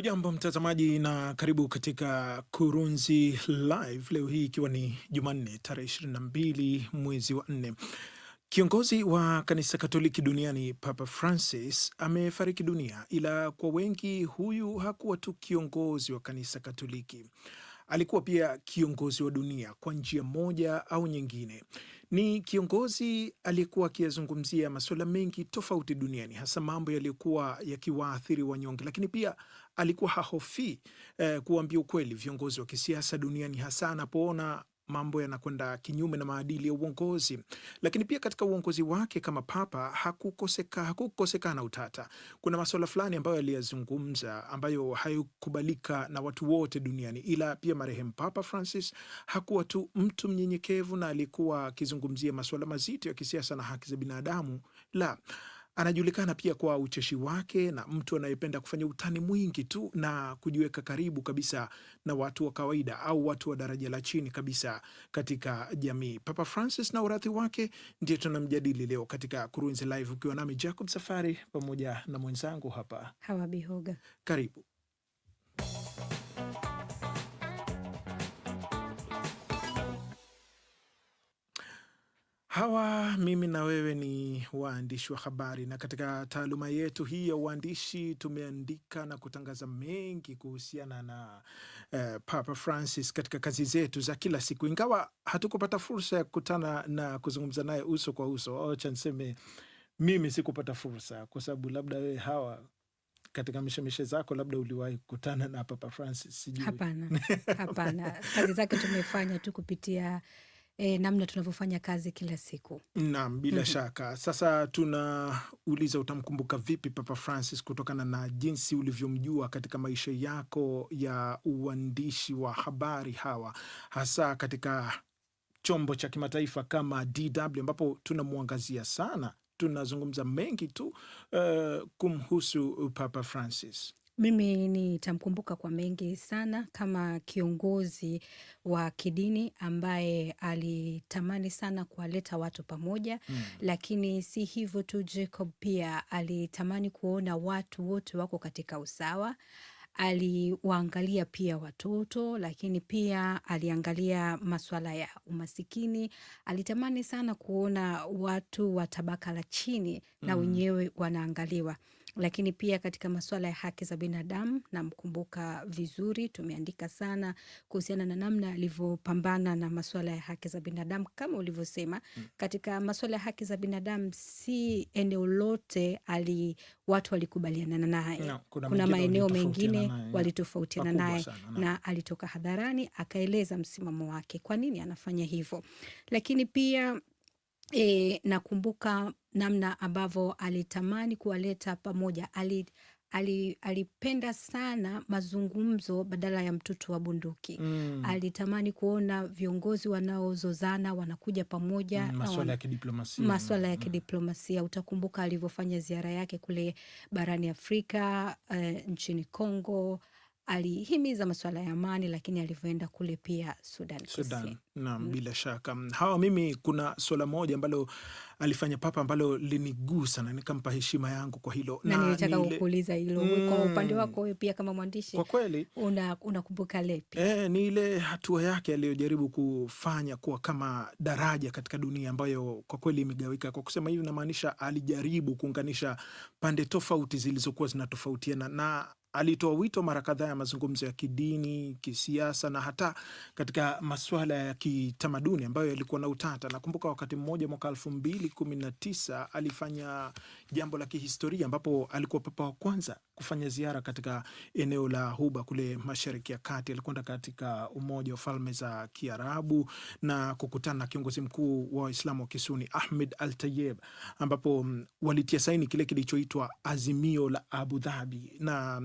Hujambo mtazamaji na karibu katika Kurunzi Live leo hii ikiwa ni Jumanne tarehe mbili mwezi wa nne Kiongozi wa kanisa Katoliki duniani Papa Francis amefariki dunia, ila kwa wengi huyu hakuwa tu kiongozi wa kanisa Katoliki, alikuwa pia kiongozi wa dunia kwa njia moja au nyingine. Ni kiongozi aliyekuwa akiyazungumzia masuala mengi tofauti duniani, hasa mambo yaliyokuwa yakiwaathiri wanyonge, lakini pia alikuwa hahofii eh, kuambia ukweli viongozi wa kisiasa duniani, hasa anapoona mambo yanakwenda kinyume na maadili ya uongozi. Lakini pia katika uongozi wake kama papa hakukoseka hakukosekana utata. Kuna masuala fulani ambayo aliyazungumza ambayo hayakubalika na watu wote duniani, ila pia marehemu Papa Francis hakuwa tu mtu mnyenyekevu na alikuwa akizungumzia masuala mazito ya kisiasa na haki za binadamu, la Anajulikana pia kwa ucheshi wake na mtu anayependa kufanya utani mwingi tu na kujiweka karibu kabisa na watu wa kawaida au watu wa daraja la chini kabisa katika jamii. Papa Francis na urathi wake ndiye tunamjadili leo katika Kurunzi Live, ukiwa nami Jacob Safari pamoja na mwenzangu hapa Hawa Bihoga. Karibu. Hawa mimi na wewe ni waandishi wa habari, na katika taaluma yetu hii ya uandishi tumeandika na kutangaza mengi kuhusiana na uh, Papa Francis katika kazi zetu za kila siku, ingawa hatukupata fursa ya kukutana na kuzungumza naye uso kwa uso. Acha niseme mimi sikupata fursa, kwa sababu labda wewe Hawa katika mishemishe zako labda uliwahi kukutana na Papa Francis, sijui. Hapana, hapana. Kazi zake tumefanya tu kupitia e, namna tunavyofanya kazi kila siku. Naam, bila mm -hmm. shaka. Sasa tunauliza utamkumbuka vipi Papa Francis kutokana na jinsi ulivyomjua katika maisha yako ya uandishi wa habari hawa hasa katika chombo cha kimataifa kama DW ambapo tunamwangazia sana, tunazungumza mengi tu uh, kumhusu Papa Francis. Mimi nitamkumbuka kwa mengi sana kama kiongozi wa kidini ambaye alitamani sana kuwaleta watu pamoja, mm. Lakini si hivyo tu, Jacob pia alitamani kuona watu wote wako katika usawa. Aliwaangalia pia watoto, lakini pia aliangalia masuala ya umasikini. Alitamani sana kuona watu wa tabaka la chini na hmm. wenyewe wanaangaliwa lakini pia katika masuala ya haki za binadamu, namkumbuka vizuri, tumeandika sana kuhusiana na namna alivyopambana na masuala ya haki za binadamu. Kama ulivyosema, mm. katika masuala ya haki za binadamu, si eneo lote ali watu walikubaliana naye no, kuna, kuna maeneo mengine walitofautiana naye na, na alitoka hadharani akaeleza msimamo wake, kwa nini anafanya hivyo, lakini pia E, nakumbuka namna ambavyo alitamani kuwaleta pamoja. Ali, ali, alipenda sana mazungumzo badala ya mtutu wa bunduki mm. Alitamani kuona viongozi wanaozozana wanakuja pamoja mm, maswala ya kidiplomasia, maswala ya mm. kidiplomasia. Mm. Utakumbuka alivyofanya ziara yake kule barani Afrika, eh, nchini Kongo alihimiza masuala ya amani, lakini alivyoenda kule pia Sudan, Sudan. Naam, mm. Bila shaka hawa, mimi kuna swala moja ambalo alifanya papa ambalo linigusa na nikampa heshima yangu kwa hilo, na nilitaka kukuuliza hilo mm. kwa upande wako wewe pia kama mwandishi, kwa kweli unakumbuka una lepi? E, eh, ni ile hatua yake aliyojaribu kufanya kuwa kama daraja katika dunia ambayo kwa kweli imegawika. Kwa kusema hivi, namaanisha alijaribu kuunganisha pande tofauti zilizokuwa zinatofautiana na alitoa wito mara kadhaa ya mazungumzo ya kidini, kisiasa na hata katika masuala ya kitamaduni ambayo yalikuwa na utata. Nakumbuka wakati mmoja mwaka elfu mbili kumi na tisa alifanya jambo la kihistoria ambapo alikuwa papa wa kwanza kufanya ziara katika eneo la huba kule Mashariki ya Kati. Alikwenda katika Umoja wa Falme za Kiarabu na kukutana na kiongozi mkuu wa Waislamu wa Kisuni Ahmed Al Tayeb, ambapo mm, walitia saini kile kilichoitwa Azimio la Abu Dhabi na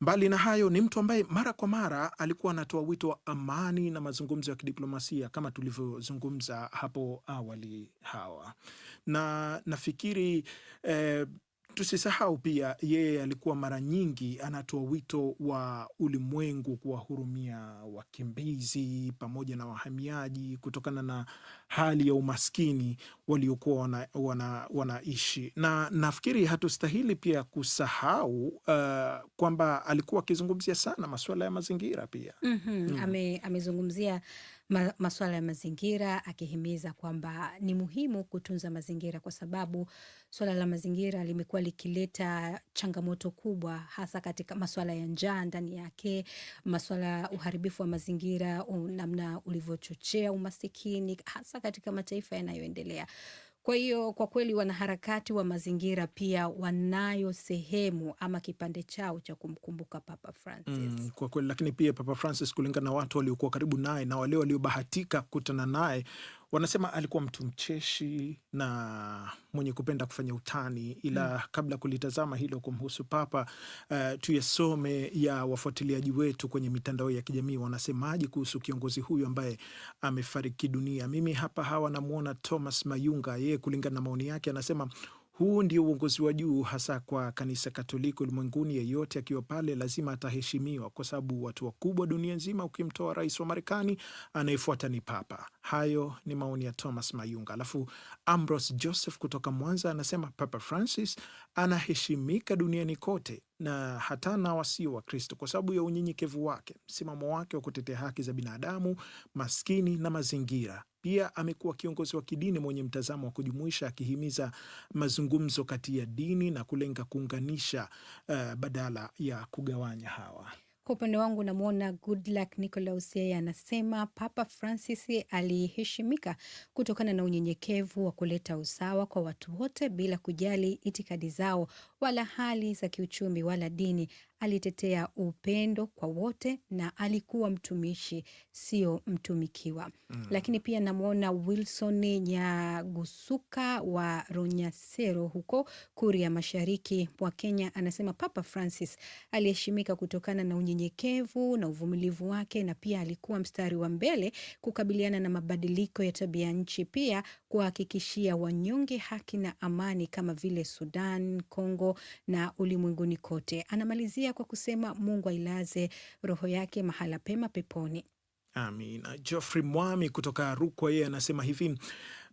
mbali na hayo ni mtu ambaye mara kwa mara alikuwa anatoa wito wa amani na mazungumzo ya kidiplomasia kama tulivyozungumza hapo awali hawa, na nafikiri eh, Tusisahau pia yeye alikuwa mara nyingi anatoa wito wa ulimwengu kuwahurumia wakimbizi pamoja na wahamiaji kutokana na hali ya umaskini waliokuwa wana, wana, wanaishi, na nafikiri hatustahili pia kusahau uh, kwamba alikuwa akizungumzia sana masuala ya mazingira pia. Mm-hmm. mm -hmm. mm. amezungumzia ame masuala ya mazingira akihimiza kwamba ni muhimu kutunza mazingira kwa sababu swala la mazingira limekuwa likileta changamoto kubwa, hasa katika masuala ya njaa ndani yake, maswala ya uharibifu wa mazingira, namna ulivyochochea umasikini, hasa katika mataifa yanayoendelea. Kwa hiyo kwa kweli wanaharakati wa mazingira pia wanayo sehemu ama kipande chao cha kumkumbuka Papa Francis. Mm, kwa kweli, lakini pia Papa Francis kulingana na watu waliokuwa karibu naye na wale waliobahatika kukutana naye Wanasema alikuwa mtu mcheshi na mwenye kupenda kufanya utani, ila mm. kabla kulitazama hilo kumhusu Papa uh, tuyasome ya wafuatiliaji wetu kwenye mitandao ya kijamii wanasemaje kuhusu kiongozi huyu ambaye amefariki dunia. Mimi hapa hawa namwona Thomas Mayunga, yeye kulingana na maoni yake anasema huu ndio uongozi wa juu hasa kwa kanisa Katoliki ulimwenguni. Yeyote akiwa pale lazima ataheshimiwa, kwa sababu watu wakubwa dunia nzima, ukimtoa rais wa Marekani, anayefuata ni Papa. Hayo ni maoni ya Thomas Mayunga. Alafu Ambrose Joseph kutoka Mwanza anasema Papa Francis anaheshimika duniani kote na hata na wasio wa Kristo kwa sababu ya unyenyekevu wake, msimamo wake wa kutetea haki za binadamu, maskini na mazingira. Pia amekuwa kiongozi wa kidini mwenye mtazamo wa kujumuisha, akihimiza mazungumzo kati ya dini na kulenga kuunganisha uh, badala ya kugawanya hawa kwa upande wangu namwona Goodluck Nicolaus, yeye anasema Papa Francis aliheshimika kutokana na unyenyekevu wa kuleta usawa kwa watu wote bila kujali itikadi zao wala hali za kiuchumi wala dini. Alitetea upendo kwa wote na alikuwa mtumishi, sio mtumikiwa. Mm. Lakini pia namwona Wilson Nyagusuka wa Ronyasero huko Kuria Mashariki mwa Kenya, anasema Papa Francis aliheshimika kutokana na unyenyekevu na uvumilivu wake, na pia alikuwa mstari wa mbele kukabiliana na mabadiliko ya tabia nchi, pia kuhakikishia wanyonge haki na amani kama vile Sudan, Kongo na ulimwenguni kote. Anamalizia kwa kusema Mungu ailaze roho yake mahala pema peponi. Amina. Geoffrey Mwami kutoka Rukwa, yeye anasema hivi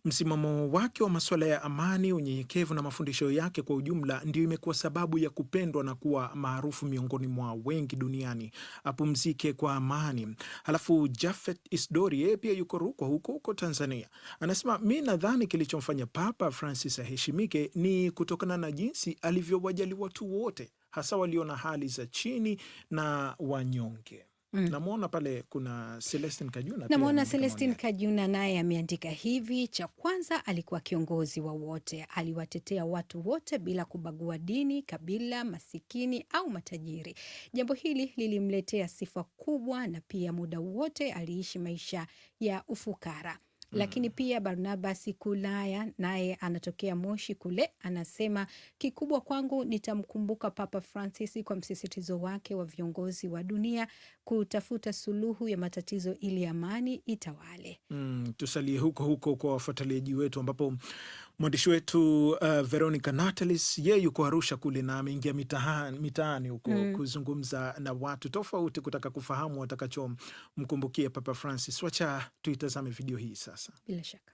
Msimamo wake wa masuala ya amani, unyenyekevu na mafundisho yake kwa ujumla ndio imekuwa sababu ya kupendwa na kuwa maarufu miongoni mwa wengi duniani. Apumzike kwa amani. Halafu Jafet Isdori, yeye pia yuko Rukwa huko huko Tanzania, anasema mi nadhani kilichomfanya Papa Francis aheshimike ni kutokana na jinsi alivyowajali watu wote, hasa walio na hali za chini na wanyonge. Mm. Namwona pale kuna Celestin Kajuna, namwona Celestin Kajuna naye ameandika hivi: cha kwanza, alikuwa kiongozi wa wote, aliwatetea watu wote bila kubagua dini, kabila, masikini au matajiri. Jambo hili lilimletea sifa kubwa, na pia muda wote aliishi maisha ya ufukara. Mm-hmm. Lakini pia Barnabas Kulaya naye anatokea Moshi kule, anasema kikubwa kwangu nitamkumbuka Papa Francis kwa msisitizo wake wa viongozi wa dunia kutafuta suluhu ya matatizo ili amani itawale. Mm, tusalie huko huko kwa wafuatiliaji wetu ambapo Mwandishi wetu uh, Veronica Natalis ye yuko Arusha kule na ameingia mitaani huko mm, kuzungumza na watu tofauti kutaka kufahamu watakachomkumbukia Papa Francis. Wacha tuitazame video hii sasa. Bila shaka.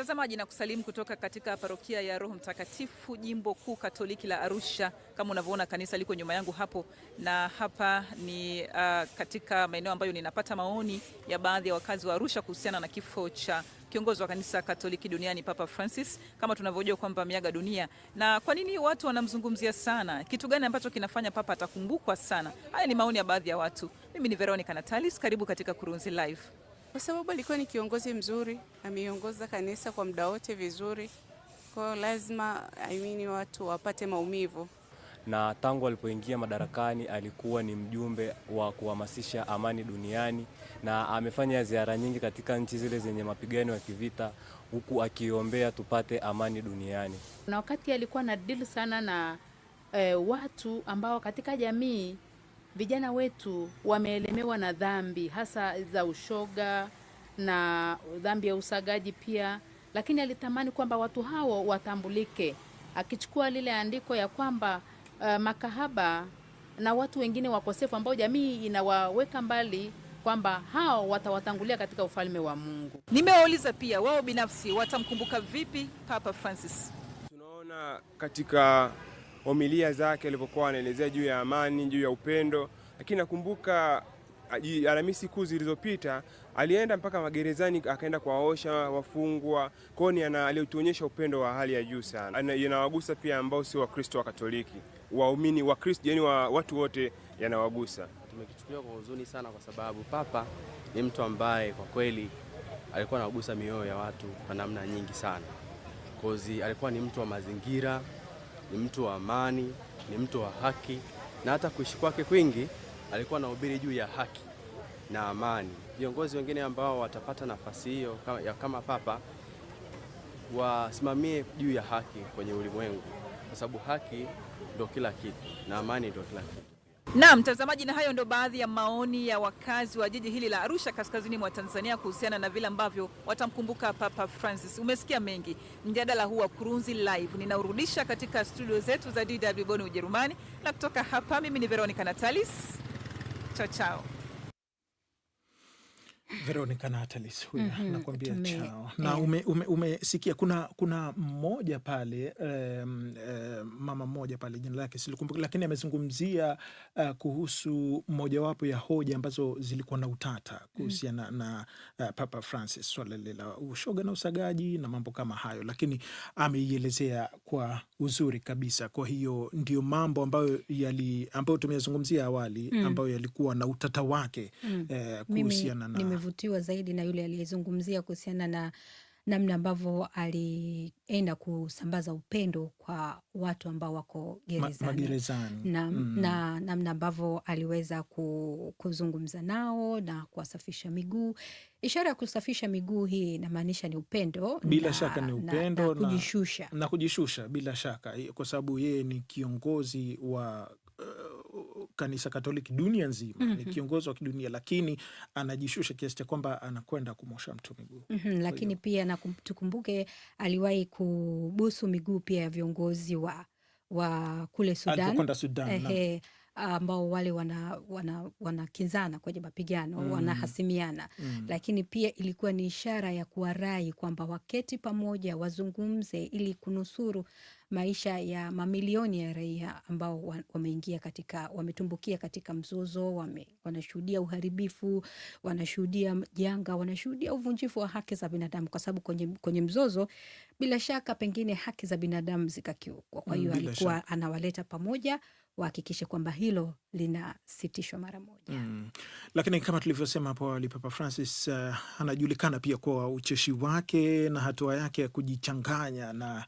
Mtazamaji na kusalimu kutoka katika parokia ya Roho Mtakatifu jimbo kuu Katoliki la Arusha. Kama unavyoona kanisa liko nyuma yangu hapo, na hapa ni uh, katika maeneo ambayo ninapata maoni ya baadhi ya wakazi wa Arusha kuhusiana na kifo cha kiongozi wa kanisa Katoliki duniani Papa Francis, kama tunavyojua kwamba miaga dunia. Na kwa nini watu wanamzungumzia sana? Kitu gani ambacho kinafanya Papa atakumbukwa sana? Haya ni maoni ya baadhi ya watu. Mimi ni Veronica Natalis, karibu katika Kurunzi Live kwa sababu alikuwa ni kiongozi mzuri, ameiongoza kanisa kwa muda wote vizuri. Kwa hiyo lazima I mean, watu wapate maumivu na tangu alipoingia madarakani alikuwa ni mjumbe wa kuhamasisha amani duniani na amefanya ziara nyingi katika nchi zile zenye mapigano ya kivita, huku akiombea tupate amani duniani. Na wakati alikuwa na deal sana na eh, watu ambao katika jamii vijana wetu wameelemewa na dhambi hasa za ushoga na dhambi ya usagaji pia, lakini alitamani kwamba watu hao watambulike, akichukua lile andiko ya kwamba uh, makahaba na watu wengine wakosefu ambao jamii inawaweka mbali kwamba hao watawatangulia katika ufalme wa Mungu. Nimewauliza pia wao binafsi watamkumbuka vipi Papa Francis. Tunaona katika homilia zake alivyokuwa anaelezea juu ya amani, juu ya upendo. Lakini nakumbuka ah, Alhamisi kuu zilizopita alienda mpaka magerezani akaenda kuwaosha wafungwa. koni hiyo ni upendo wa hali ya juu sana, yanawagusa pia ambao sio Wakristo wa Katoliki, waumini wa Kristo, yani wa watu wote yanawagusa. Tumekichukulia kwa huzuni sana, kwa sababu Papa ni mtu ambaye kwa kweli alikuwa anagusa mioyo ya watu kwa namna nyingi sana, kozi alikuwa ni mtu wa mazingira ni mtu wa amani, ni mtu wa haki, na hata kuishi kwake kwingi alikuwa anahubiri juu ya haki na amani. Viongozi wengine ambao watapata nafasi hiyo kama, kama papa wasimamie juu ya haki kwenye ulimwengu, kwa sababu haki ndio kila kitu na amani ndio kila kitu. Na mtazamaji, na hayo ndo baadhi ya maoni ya wakazi wa jiji hili la Arusha kaskazini mwa Tanzania kuhusiana na vile ambavyo watamkumbuka Papa Francis. Umesikia mengi. Mjadala huu wa Kurunzi Live ninaurudisha katika studio zetu za DW Bonn Ujerumani, na kutoka hapa mimi ni Veronica Natalis. Chao chao. Veronica Natalis huyu mm -hmm, nakwambia chao na umesikia eh. ume, ume, kuna kuna mmoja pale um, um, mama mmoja pale jina lake silikumbuka, lakini amezungumzia uh, kuhusu mojawapo ya hoja ambazo zilikuwa na utata mhm. kuhusiana mm -hmm. na uh, Papa Francis swala lile la ushoga na usagaji na mambo kama hayo, lakini ameielezea kwa uzuri kabisa. Kwa hiyo ndio mambo ambayo yali ambayo tumeyazungumzia awali mm. ambayo yalikuwa na utata wake mm -hmm. uh, kuhusiana na anavutiwa zaidi na yule aliyezungumzia kuhusiana na namna ambavyo alienda kusambaza upendo kwa watu ambao wako gerezani na, mm. na namna ambavyo aliweza kuzungumza nao na kuwasafisha miguu. Ishara ya kusafisha miguu hii inamaanisha ni upendo, bila na, shaka ni upendo na, na, na, kujishusha. Na kujishusha bila shaka, kwa sababu yeye ni kiongozi wa kanisa Katoliki dunia nzima mm -hmm. ni mhm. kiongozi wa kidunia, lakini anajishusha kiasi cha kwamba anakwenda kumosha mtu miguu mm -hmm. lakini pia na tukumbuke aliwahi kubusu miguu pia ya viongozi wa wa kule Sudan, alipokwenda Sudan ambao wale wanakinzana wana, wana kwenye mapigano mm. wanahasimiana mm. Lakini pia ilikuwa ni ishara ya kuwarai kwamba waketi pamoja wazungumze ili kunusuru maisha ya mamilioni ya raia ambao wameingia katika wametumbukia katika mzozo wame, wanashuhudia uharibifu, wanashuhudia janga, wanashuhudia uvunjifu wa haki za binadamu, kwa sababu kwenye, kwenye mzozo bila shaka pengine haki za binadamu zikakiukwa. Kwa hiyo mm, alikuwa shaka. anawaleta pamoja wahakikishe kwamba hilo linasitishwa mara moja. Mm. Lakini kama tulivyosema hapo awali, Papa Francis uh, anajulikana pia kwa ucheshi wake na hatua yake ya kujichanganya na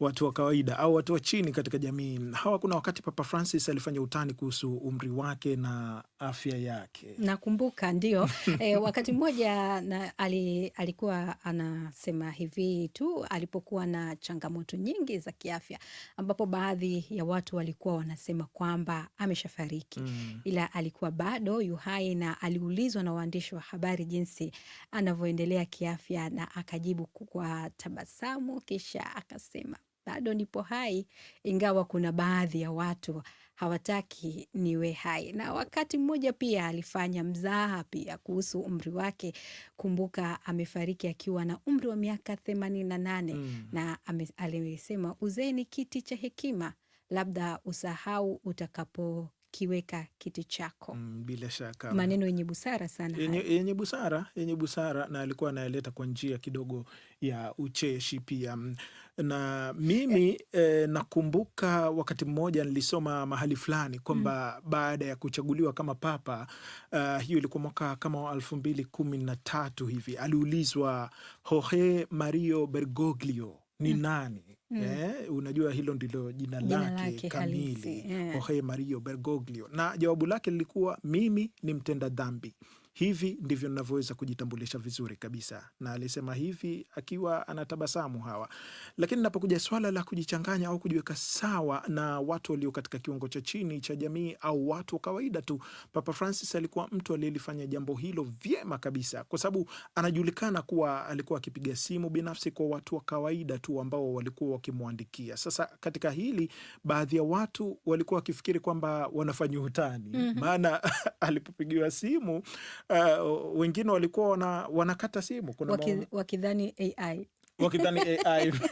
watu wa kawaida au watu wa chini katika jamii hawa. Kuna wakati Papa Francis alifanya utani kuhusu umri wake na afya yake, nakumbuka ndio. E, wakati mmoja ali, alikuwa anasema hivi tu alipokuwa na changamoto nyingi za kiafya, ambapo baadhi ya watu walikuwa wanasema kwamba ameshafariki mm, ila alikuwa bado yuhai na aliulizwa na waandishi wa habari jinsi anavyoendelea kiafya na akajibu kwa tabasamu, kisha akasema bado nipo hai, ingawa kuna baadhi ya watu hawataki niwe hai. Na wakati mmoja pia alifanya mzaha pia kuhusu umri wake. Kumbuka amefariki akiwa na umri wa miaka themanini na nane mm. na alisema uzee ni kiti cha hekima, labda usahau utakapo kiweka kiti chako. Mm, bila shaka maneno yenye busara sana, yenye busara, yenye busara, na alikuwa anaeleta kwa njia kidogo ya ucheshi pia. Mm, na mimi eh. eh, nakumbuka wakati mmoja nilisoma mahali fulani kwamba mm, baada ya kuchaguliwa kama papa uh, hiyo ilikuwa mwaka kama elfu mbili kumi na tatu hivi, aliulizwa Jorge Mario Bergoglio ni mm, nani Mm. Eh, unajua hilo ndilo jina, lake, kamili yeah. Jorge Mario Bergoglio, na jawabu lake lilikuwa mimi ni mtenda dhambi. Hivi ndivyo ninavyoweza kujitambulisha vizuri kabisa, na alisema hivi akiwa anatabasamu Hawa. Lakini napokuja swala la kujichanganya au kujiweka sawa na watu walio katika kiwango cha chini cha jamii au watu wa kawaida tu, Papa Francis alikuwa mtu aliyelifanya jambo hilo vyema kabisa, kwa sababu anajulikana kuwa alikuwa akipiga simu binafsi kwa watu wa kawaida tu ambao walikuwa wakimwandikia. Sasa katika hili, baadhi ya watu walikuwa wakifikiri kwamba wanafanya utani, mm-hmm. maana alipopigiwa simu uh, wengine walikuwa wana, wanakata simu kuna Waki, maum... wakidhani AI wakidhani AI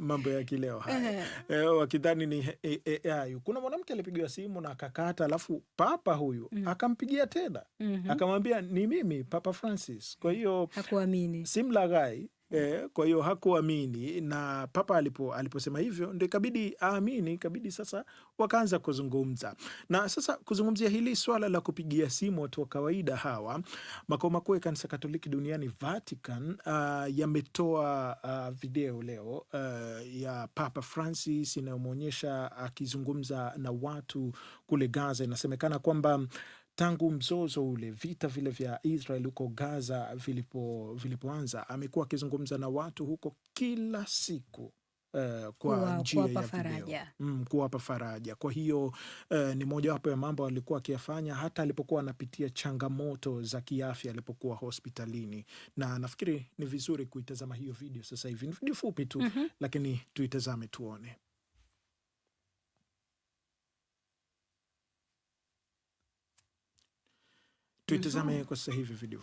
mambo ya kileo haya eh, wakidhani ni AI. Kuna mwanamke alipigiwa simu na akakata, alafu papa huyu mm. akampigia tena mm -hmm. akamwambia ni mimi Papa Francis. Kwa hiyo hakuamini, simlaghai E, kwa hiyo hakuamini na papa alipo aliposema hivyo ndio ikabidi aamini, ikabidi sasa wakaanza kuzungumza. Na sasa kuzungumzia hili swala la kupigia simu watu wa kawaida hawa, makao makuu ya kanisa Katoliki duniani Vatican uh, yametoa uh, video leo uh, ya Papa Francis inayomwonyesha akizungumza uh, na watu kule Gaza. Inasemekana kwamba tangu mzozo ule, vita vile vya Israel huko Gaza vilipo vilipoanza, amekuwa akizungumza na watu huko kila siku. Uh, kwa njia ya faraja. mm, kuwapa faraja. Kwa hiyo uh, ni mojawapo ya mambo alikuwa akiyafanya hata alipokuwa anapitia changamoto za kiafya alipokuwa hospitalini, na nafikiri ni vizuri kuitazama hiyo video sasa hivi. Ni fupi tu mm -hmm. Lakini tuitazame tuone. Tuitazame uhum. kwa sasa hivi video.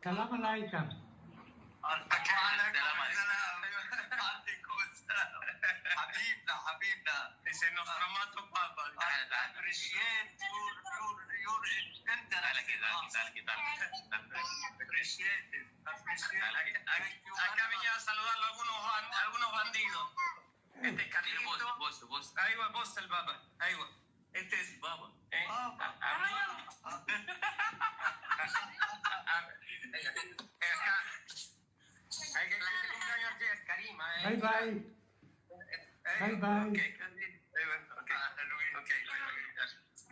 Kalamu alaikum. Acá venía a saludar a algunos, a algunos bandidos. Este es Carlito. Vos, vos, vos. Ahí va, vos el baba. Ahí va. Este es baba. ¿Eh? Baba. Bye bye. Bye bye. Bye bye. Okay,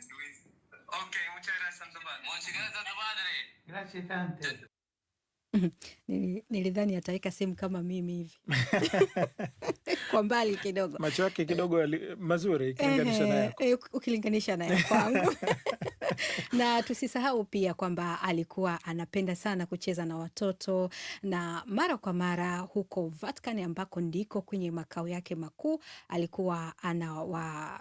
Luis. Ok, muchas gracias, Sandoval. Muchas gracias, Santo Padre. Gracias, Tante. Nilidhani ataweka simu kama mimi hivi kwa mbali kidogo, macho yake kidogo mazuri ukilinganisha naye eh, kwangu. na tusisahau pia kwamba alikuwa anapenda sana kucheza na watoto na mara kwa mara huko Vatican ambako ndiko kwenye makao yake makuu alikuwa anawa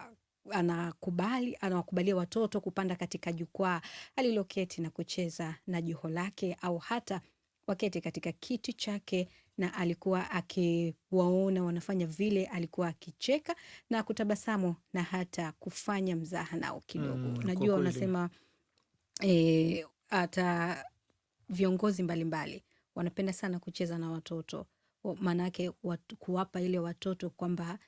anakubali anawakubalia watoto kupanda katika jukwaa aliloketi na kucheza na joho lake au hata waketi katika kiti chake na alikuwa akiwaona wanafanya vile, alikuwa akicheka na kutabasamu na hata kufanya mzaha nao kidogo. Mm, najua unasema e, eh, hata viongozi mbalimbali mbali wanapenda sana kucheza na watoto, maanake kuwapa ile watoto kwamba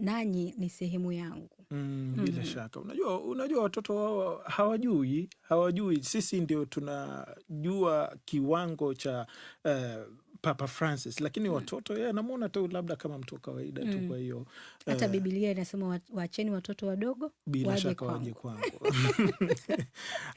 nanyi ni sehemu yangu. Mm, bila mm shaka unajua, unajua watoto wao hawajui, hawajui. Sisi ndio tunajua kiwango cha uh, Papa Francis, lakini hmm. watoto yeye anamuona tu labda kama mtu wa kawaida tu. Hmm. Kwa hiyo hata uh, Biblia inasema waacheni watoto wadogo bila waje shaka waje kwangu.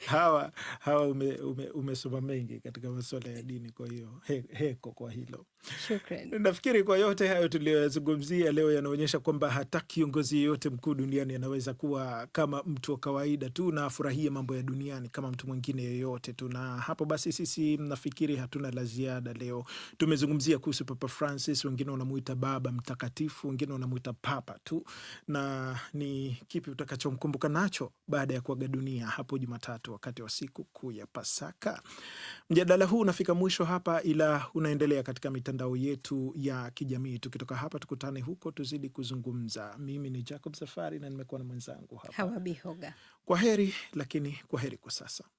Hawa hawa umesoma ume, ume mengi katika masuala ya dini, kwa hiyo he, heko kwa hilo. Shukrani. Nafikiri kwa yote hayo tuliyoyazungumzia leo yanaonyesha kwamba hata kiongozi yeyote mkuu duniani anaweza kuwa kama mtu wa kawaida tu na afurahie mambo ya duniani kama mtu mwingine yeyote tu, na hapo basi sisi nafikiri hatuna la ziada leo. Tumezungumzia kuhusu Papa Francis, wengine wanamuita baba mtakatifu, wengine wanamuita papa tu. Na ni kipi utakachomkumbuka nacho baada ya kuaga dunia hapo Jumatatu wakati wa siku kuu ya Pasaka? Mjadala huu unafika mwisho hapa, ila unaendelea katika mitandao yetu ya kijamii. Tukitoka hapa, tukutane huko, tuzidi kuzungumza. Mimi ni Jacob Safari na nimekuwa na mwenzangu hapa Hawa Bihoga. Kwa heri, lakini kwa heri kwa sasa.